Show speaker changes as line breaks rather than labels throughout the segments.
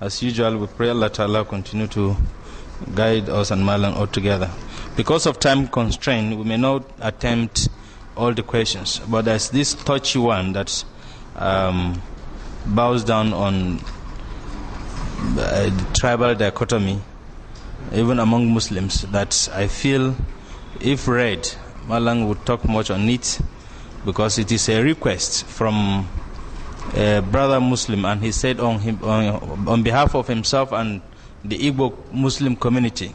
as usual, we pray that Allah continue to guide us and Malang all together. Because of time constraint, we may not attempt all the questions, but there's this touchy one that um, bows down on uh, the tribal dichotomy, even among Muslims, that I feel if read, Malang would talk much on it because it is a request from a brother Muslim, and he said on, him, on, on behalf of himself and the Igbo Muslim community,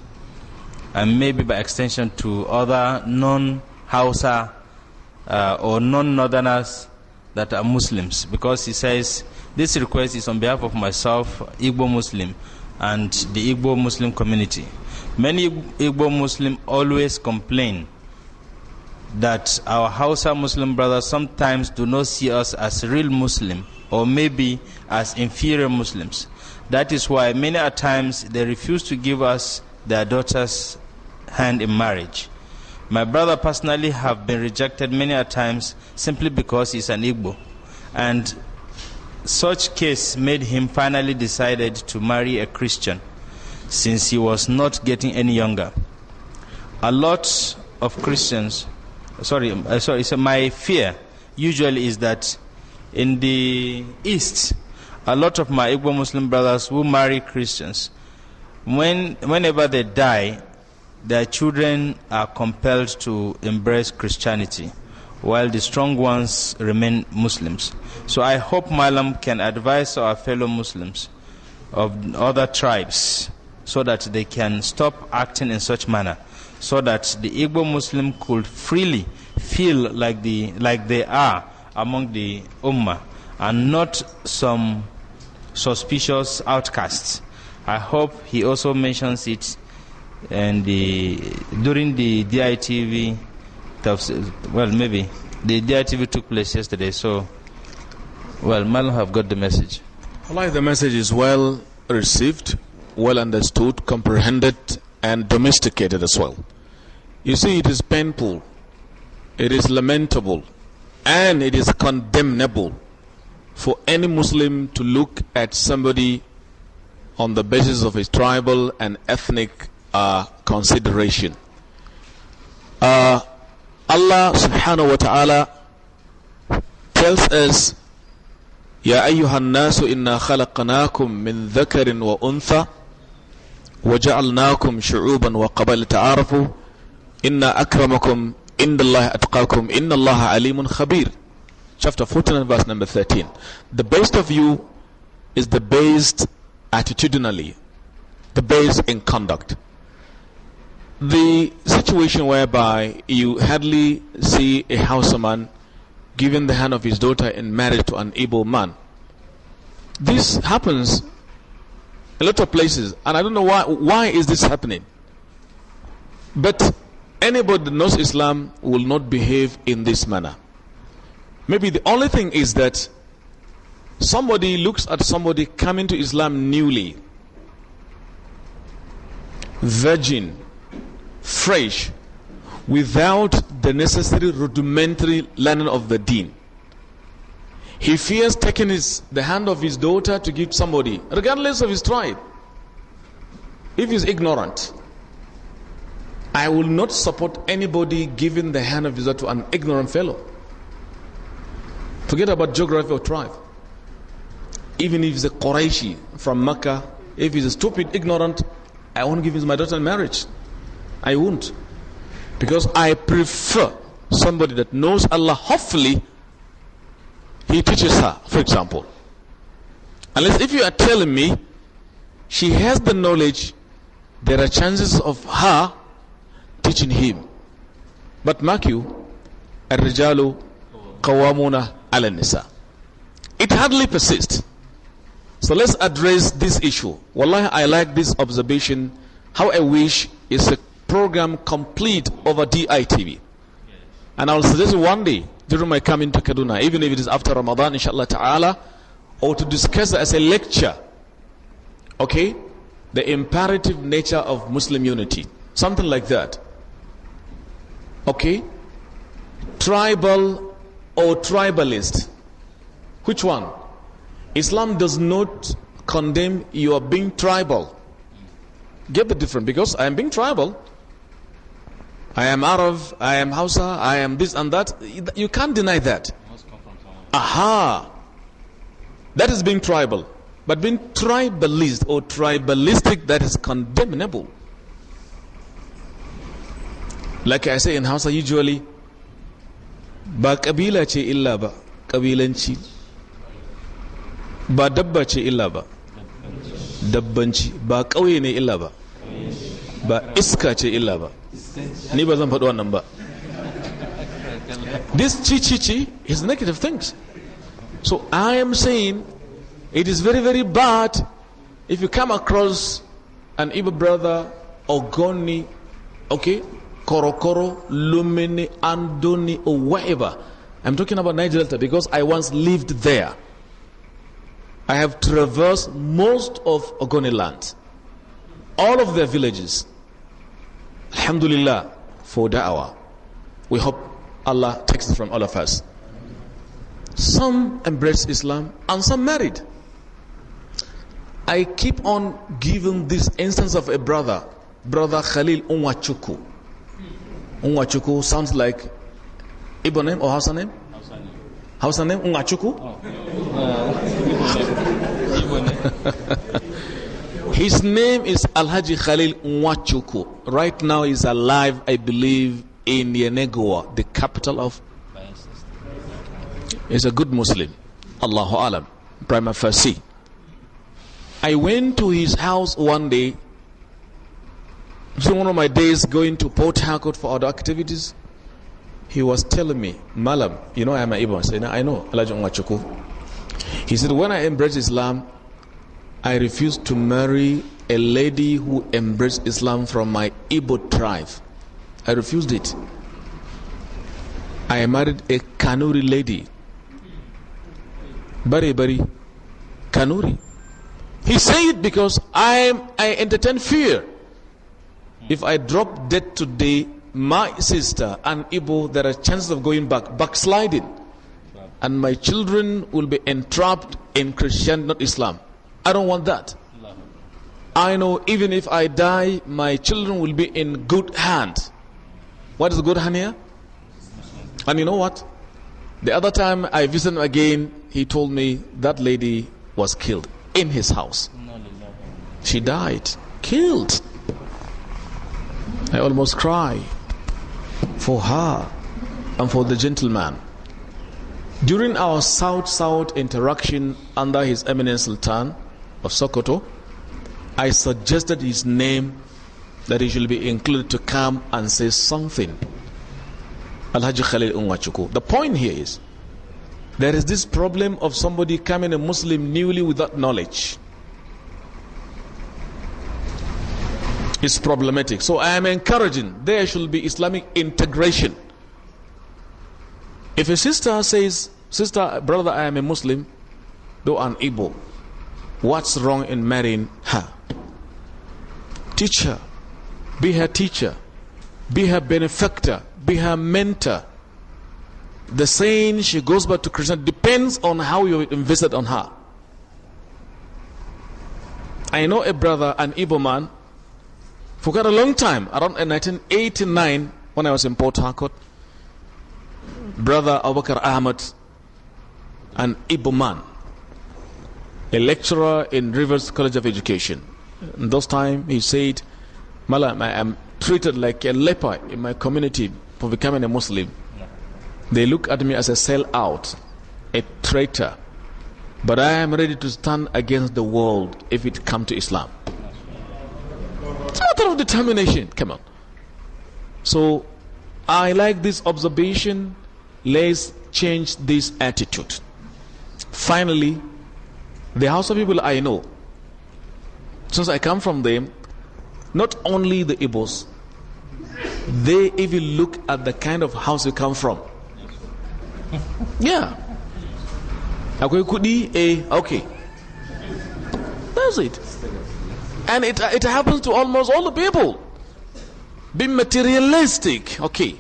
and maybe by extension to other non Hausa uh, or non Northerners that are Muslims, because he says this request is on behalf of myself, Igbo Muslim, and the Igbo Muslim community. Many Igbo Muslims always complain that our Hausa Muslim brothers sometimes do not see us as real Muslim or maybe as inferior Muslims. That is why many a times they refuse to give us their daughter's hand in marriage. My brother personally have been rejected many a times simply because he's an Igbo. And such case made him finally decided to marry a Christian since he was not getting any younger. A lot of Christians sorry, um, uh, sorry, so my fear usually is that in the East, a lot of my Igbo Muslim brothers who marry Christians, when, whenever they die, their children are compelled to embrace Christianity, while the strong ones remain Muslims. So I hope Malam can advise our fellow Muslims of other tribes so that they can stop acting in such manner so that the Igbo Muslim could freely feel like, the, like they are among the Ummah and not some suspicious outcasts. I hope he also mentions it and the, during the DITV, well, maybe the DITV took place yesterday, so, well, Malam have got the message.
like the message is well received, well understood, comprehended, and domesticated as well. You see, it is painful, it is lamentable, and it is condemnable for any Muslim to look at somebody on the basis of his tribal and ethnic uh, consideration. Uh, Allah subhanahu wa ta'ala tells us, يا أيها الناس إنا خلقناكم من ذكر وأنثى وجعلناكم شعوبا وقبائل تعارفوا Inna akramakum indallahi atqakum inna alimun khabir. Chapter 14 and verse number 13. The best of you is the best attitudinally, the best in conduct. The situation whereby you hardly see a houseman giving the hand of his daughter in marriage to an able man. This happens a lot of places, and I don't know why. Why is this happening? But Anybody that knows Islam will not behave in this manner. Maybe the only thing is that somebody looks at somebody coming to Islam newly, virgin, fresh, without the necessary rudimentary learning of the deen. He fears taking his, the hand of his daughter to give somebody, regardless of his tribe, if he's ignorant. I will not support anybody giving the hand of visa to an ignorant fellow. Forget about geography or tribe. Even if he's a Qurayshi from Mecca, if he's a stupid, ignorant, I won't give him my daughter in marriage. I won't. Because I prefer somebody that knows Allah. Hopefully, he teaches her, for example. Unless if you are telling me she has the knowledge, there are chances of her teaching him. But mark you, الرجال قوامون على النساء. It hardly persists. So let's address this issue. Wallahi, I like this observation. How I wish is a program complete over DITV. And I will suggest one day during my coming to Kaduna, even if it is after Ramadan, inshallah ta'ala, or to discuss as a lecture, okay, the imperative nature of Muslim unity, something like that. Okay? Tribal or tribalist. Which one? Islam does not condemn you are being tribal. Get the difference because I am being tribal. I am Arab, I am Hausa, I am this and that. You can't deny that. Aha! That is being tribal. But being tribalist or tribalistic, that is condemnable. like I say in Hausa usually ba kabila ce illa ba kabilanci ba dabba ce illa ba dabbanci ba ƙauye ne illa ba ba iska ce illa ba ni ba zan faɗi wannan ba this chi-chi-chi is negative things so I am saying it is very very bad if you come across an evil brother or Goni okay Korokoro, Lumini, Anduni, or wherever. I'm talking about Niger Delta because I once lived there. I have traversed most of Ogoni land, all of their villages. Alhamdulillah for da'wah. We hope Allah takes it from all of us. Some embraced Islam and some married. I keep on giving this instance of a brother, brother Khalil Unwachuku. Ungachuku sounds like Igbo name or Hausa name? Hausa name. Hausa name? Oh. His name is Alhaji Khalil Ungachuku. Right now he's alive, I believe, in Yenegoa, the capital of. He's a good Muslim. Allahu Alam. Prima facie. I went to his house one day so one of my days going to Port Harcourt for other activities, he was telling me, Malam, you know I am an Ibn. I said, I know, Allah He said, when I embraced Islam, I refused to marry a lady who embraced Islam from my Igbo tribe. I refused it. I married a Kanuri lady. Bari Bari Kanuri. He said it because I, I entertain fear. If I drop dead today, my sister and Ibo, there are chances of going back, backsliding. And my children will be entrapped in Christianity, not Islam. I don't want that. I know even if I die, my children will be in good hand. What is good hand here? And you know what? The other time I visited him again, he told me that lady was killed in his house. She died, killed. I almost cry for her and for the gentleman. During our South South interaction under His Eminence Sultan of Sokoto, I suggested his name that he should be included to come and say something. Alhaji Khalil The point here is there is this problem of somebody coming a Muslim newly without knowledge. is problematic. So I am encouraging there should be Islamic integration. If a sister says, Sister, brother, I am a Muslim, though an Igbo, what's wrong in marrying her? Teach her, be her teacher, be her benefactor, be her mentor. The saying she goes back to Christian depends on how you invested on her. I know a brother, an Igbo man, for quite a long time, around 1989, when I was in Port Harcourt, Brother Abu Ahmed, Ahmad, an Ibo man, a lecturer in Rivers College of Education. In those time, he said, Malam, I am treated like a leper in my community for becoming a Muslim. They look at me as a sellout, a traitor. But I am ready to stand against the world if it come to Islam determination. Come on. So I like this observation. Let's change this attitude. Finally, the house of people I know, since I come from them, not only the Igbos, they even look at the kind of house you come from. Yeah. Eh, okay. That's it. And it, it happens to almost all the people. Be materialistic. Okay.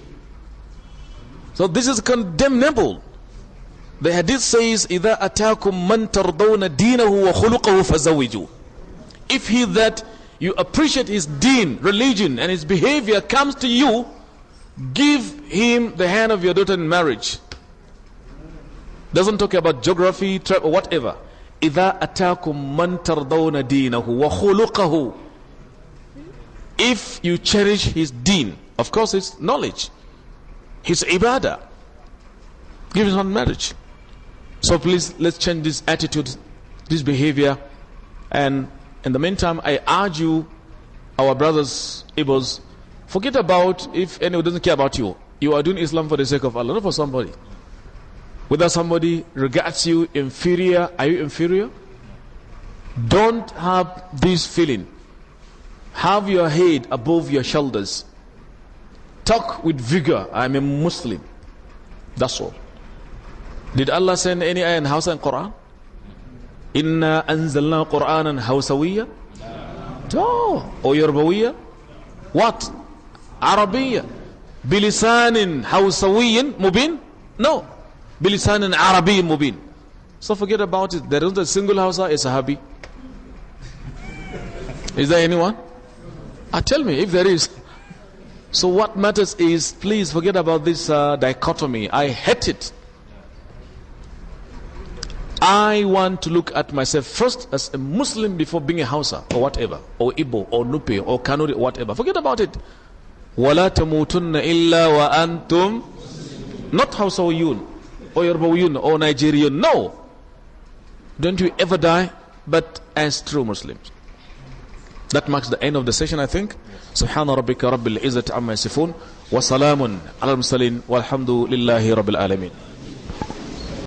So this is condemnable. The hadith says, إِذَا أَتَاكُمْ مَنْ تَرْضَوْنَ دِينَهُ وَخُلُقَهُ فَزَوِّجُوا If he that you appreciate his deen, religion, and his behavior comes to you, give him the hand of your daughter in marriage. Doesn't talk about geography, tribe, or whatever if you cherish his deen of course his knowledge his ibadah give him on marriage so please let's change this attitude this behavior and in the meantime I urge you our brothers ibos, forget about if anyone doesn't care about you you are doing Islam for the sake of Allah not for somebody whether somebody regards you inferior, are you inferior? Don't have this feeling. Have your head above your shoulders. Talk with vigor. I'm a Muslim. That's all. Did Allah send any ayah in House and Quran? Inna anzalna Quran and Hausawiyya? No. Or Yorubawiya? What? Arabiya? Bilisanin Hausawiyin Mubin? No bilisan and Arabi mubin. So forget about it. There isn't a single Hausa, a Sahabi. Is there anyone? Ah, tell me if there is. So what matters is, please forget about this uh, dichotomy. I hate it. I want to look at myself first as a Muslim before being a Hausa or whatever, or Ibo or Nupi or Kanuri whatever. Forget about it. وَلَا illa wa antum, Not Hausa or Yun or Yoruba or Nigerian. No. Don't you ever die, but as true Muslims. That marks the end of the session, I think. Subhana rabbika rabbil izzati amma yasifun. Wa salamun ala al-mursalin. Walhamdulillahi rabbil